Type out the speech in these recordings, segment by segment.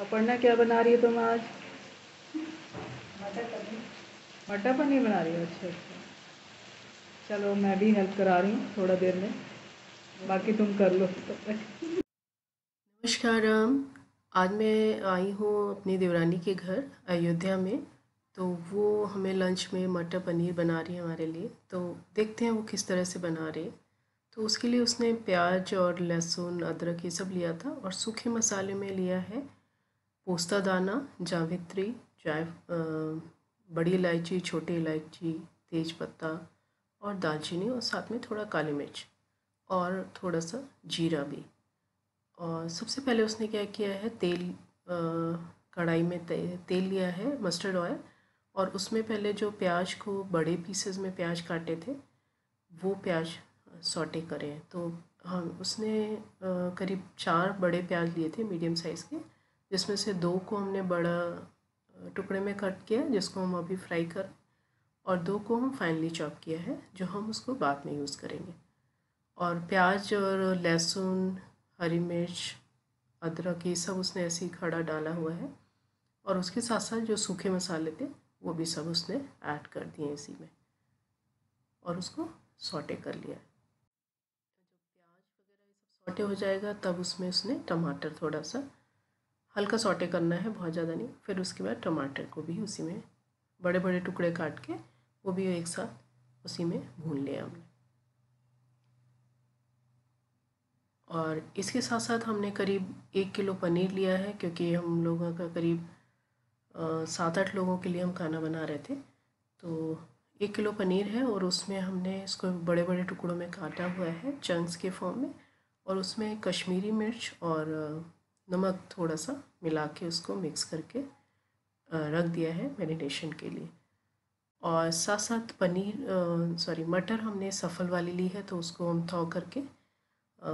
अपर्णा क्या बना रही है तुम आज मटर पनीर बना रही हो अच्छा अच्छा चलो मैं भी हेल्प करा रही हूँ थोड़ा देर में बाकी तुम कर लो नमस्कार राम आज मैं आई हूँ अपनी देवरानी के घर अयोध्या में तो वो हमें लंच में मटर पनीर बना रही है हमारे लिए तो देखते हैं वो किस तरह से बना रहे तो उसके लिए उसने प्याज और लहसुन अदरक ये सब लिया था और सूखे मसाले में लिया है पोस्ता दाना जावित्री जाय बड़ी इलायची छोटी इलायची तेज पत्ता और दालचीनी और साथ में थोड़ा काली मिर्च और थोड़ा सा जीरा भी और सबसे पहले उसने क्या किया है तेल कढ़ाई में ते, तेल लिया है मस्टर्ड ऑयल और उसमें पहले जो प्याज को बड़े पीसेस में प्याज काटे थे वो प्याज सॉटे करें तो हम उसने करीब चार बड़े प्याज लिए थे मीडियम साइज़ के जिसमें से दो को हमने बड़ा टुकड़े में कट किया है जिसको हम अभी फ्राई कर और दो को हम फाइनली चॉप किया है जो हम उसको बाद में यूज़ करेंगे और प्याज और लहसुन हरी मिर्च अदरक ये सब उसने ऐसे ही खड़ा डाला हुआ है और उसके साथ साथ जो सूखे मसाले थे वो भी सब उसने ऐड कर दिए इसी में और उसको सॉटे कर लिया है जो प्याज वगैरह ये सब सॉटे हो जाएगा तब उसमें उसने टमाटर थोड़ा सा हल्का सॉटे करना है बहुत ज़्यादा नहीं फिर उसके बाद टमाटर को भी उसी में बड़े बड़े टुकड़े काट के वो भी एक साथ उसी में भून लिया हमने और इसके साथ साथ हमने करीब एक किलो पनीर लिया है क्योंकि हम लोगों का करीब सात आठ लोगों के लिए हम खाना बना रहे थे तो एक किलो पनीर है और उसमें हमने इसको बड़े बड़े टुकड़ों में काटा हुआ है चंक्स के फॉर्म में और उसमें कश्मीरी मिर्च और नमक थोड़ा सा मिला के उसको मिक्स करके रख दिया है मैरिनेशन के लिए और साथ साथ पनीर सॉरी मटर हमने सफल वाली ली है तो उसको हम थौ करके आ,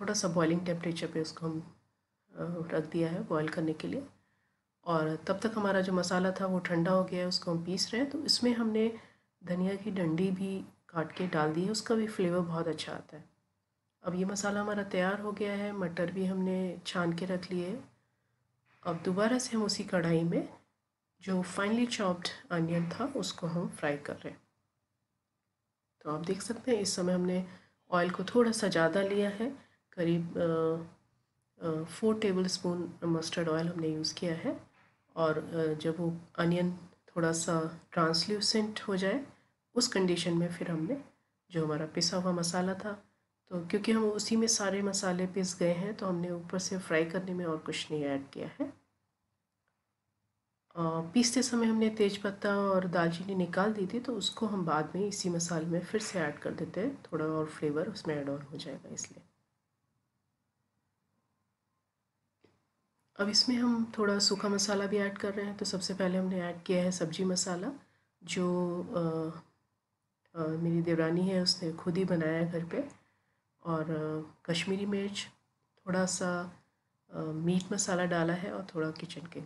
थोड़ा सा बॉइलिंग टेम्परेचर पे उसको हम रख दिया है बॉईल करने के लिए और तब तक हमारा जो मसाला था वो ठंडा हो गया है उसको हम पीस रहे हैं तो इसमें हमने धनिया की डंडी भी काट के डाल दी है उसका भी फ्लेवर बहुत अच्छा आता है अब ये मसाला हमारा तैयार हो गया है मटर भी हमने छान के रख लिए अब दोबारा से हम उसी कढ़ाई में जो फाइनली चॉप्ड अनियन था उसको हम फ्राई कर रहे हैं तो आप देख सकते हैं इस समय हमने ऑयल को थोड़ा सा ज़्यादा लिया है करीब four tablespoon mustard oil हमने यूज़ किया है और जब वो अनियन थोड़ा सा ट्रांसल्यूसेंट हो जाए उस कंडीशन में फिर हमने जो हमारा पिसा हुआ मसाला था तो क्योंकि हम उसी में सारे मसाले पिस गए हैं तो हमने ऊपर से फ्राई करने में और कुछ नहीं ऐड किया है पीसते समय हमने तेज़पत्ता और दालचीनी निकाल दी थी तो उसको हम बाद में इसी मसाले में फिर से ऐड कर देते हैं थोड़ा और फ्लेवर उसमें ऐड ऑन हो जाएगा इसलिए अब इसमें हम थोड़ा सूखा मसाला भी ऐड कर रहे हैं तो सबसे पहले हमने ऐड किया है सब्जी मसाला जो आ, आ, मेरी देवरानी है उसने खुद ही बनाया है घर पर और कश्मीरी मिर्च थोड़ा सा मीट मसाला डाला है और थोड़ा किचन किंग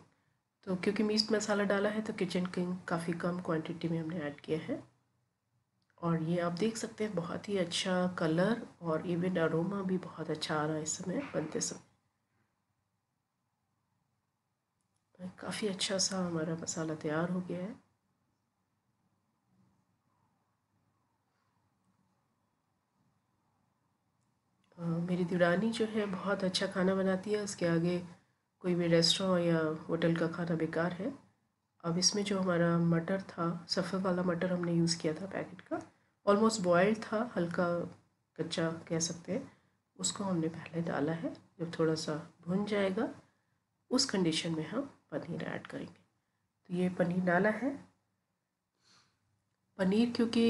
तो क्योंकि मीट मसाला डाला है तो किचन किंग काफ़ी कम क्वांटिटी में हमने ऐड किया है और ये आप देख सकते हैं बहुत ही अच्छा कलर और इवन अरोमा भी बहुत अच्छा आ रहा है इस समय बनते समय काफ़ी अच्छा सा हमारा मसाला तैयार हो गया है मेरी दीवानी जो है बहुत अच्छा खाना बनाती है उसके आगे कोई भी रेस्टोरेंट या होटल का खाना बेकार है अब इसमें जो हमारा मटर था सफ़ेद वाला मटर हमने यूज़ किया था पैकेट का ऑलमोस्ट बॉयल्ड था हल्का कच्चा कह सकते हैं उसको हमने पहले डाला है जब थोड़ा सा भुन जाएगा उस कंडीशन में हम पनीर ऐड करेंगे तो ये पनीर डाला है पनीर क्योंकि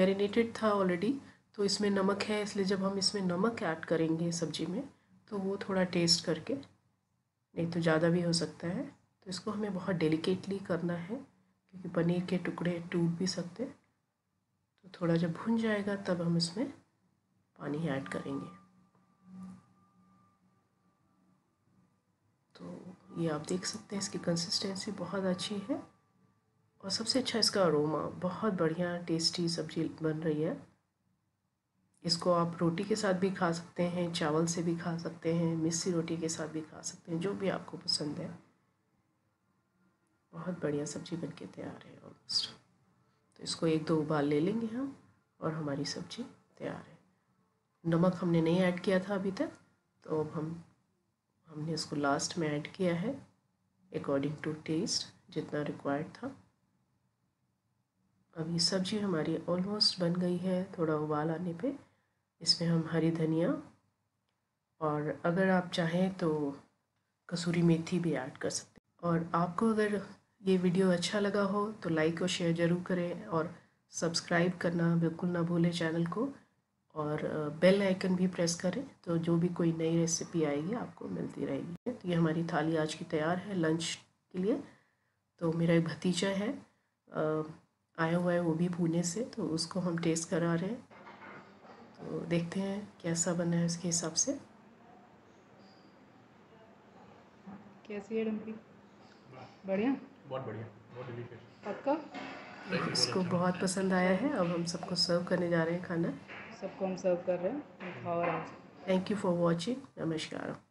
मैरिनेटेड था ऑलरेडी तो इसमें नमक है इसलिए जब हम इसमें नमक ऐड करेंगे सब्जी में तो वो थोड़ा टेस्ट करके नहीं तो ज़्यादा भी हो सकता है तो इसको हमें बहुत डेलिकेटली करना है क्योंकि पनीर के टुकड़े टूट भी सकते तो थोड़ा जब भुन जाएगा तब हम इसमें पानी ऐड करेंगे तो ये आप देख सकते हैं इसकी कंसिस्टेंसी बहुत अच्छी है और सबसे अच्छा इसका अरोमा बहुत बढ़िया टेस्टी सब्जी बन रही है इसको आप रोटी के साथ भी खा सकते हैं चावल से भी खा सकते हैं मिस्सी रोटी के साथ भी खा सकते हैं जो भी आपको पसंद है बहुत बढ़िया सब्ज़ी बन के तैयार है ऑलमोस्ट तो इसको एक दो उबाल ले लेंगे हम और हमारी सब्ज़ी तैयार है नमक हमने नहीं ऐड किया था अभी तक तो अब हम हमने इसको लास्ट में ऐड किया है अकॉर्डिंग टू टेस्ट जितना रिक्वायर्ड था अब ये सब्ज़ी हमारी ऑलमोस्ट बन गई है थोड़ा उबाल आने पे इसमें हम हरी धनिया और अगर आप चाहें तो कसूरी मेथी भी ऐड कर सकते हैं और आपको अगर ये वीडियो अच्छा लगा हो तो लाइक और शेयर ज़रूर करें और सब्सक्राइब करना बिल्कुल ना भूलें चैनल को और बेल आइकन भी प्रेस करें तो जो भी कोई नई रेसिपी आएगी आपको मिलती रहेगी तो ये हमारी थाली आज की तैयार है लंच के लिए तो मेरा एक भतीजा है आया हुआ है वो भी पुणे से तो उसको हम टेस्ट करा रहे हैं तो देखते हैं कैसा बना है उसके हिसाब से कैसी है डम्पी बढ़िया बहुत बढ़िया बहुत डिलीशियस पक्का इसको बहुत पसंद आया है अब हम सबको सर्व करने जा रहे हैं खाना सबको हम सर्व कर रहे हैं खाओ आराम से थैंक यू फॉर वॉचिंग नमस्कार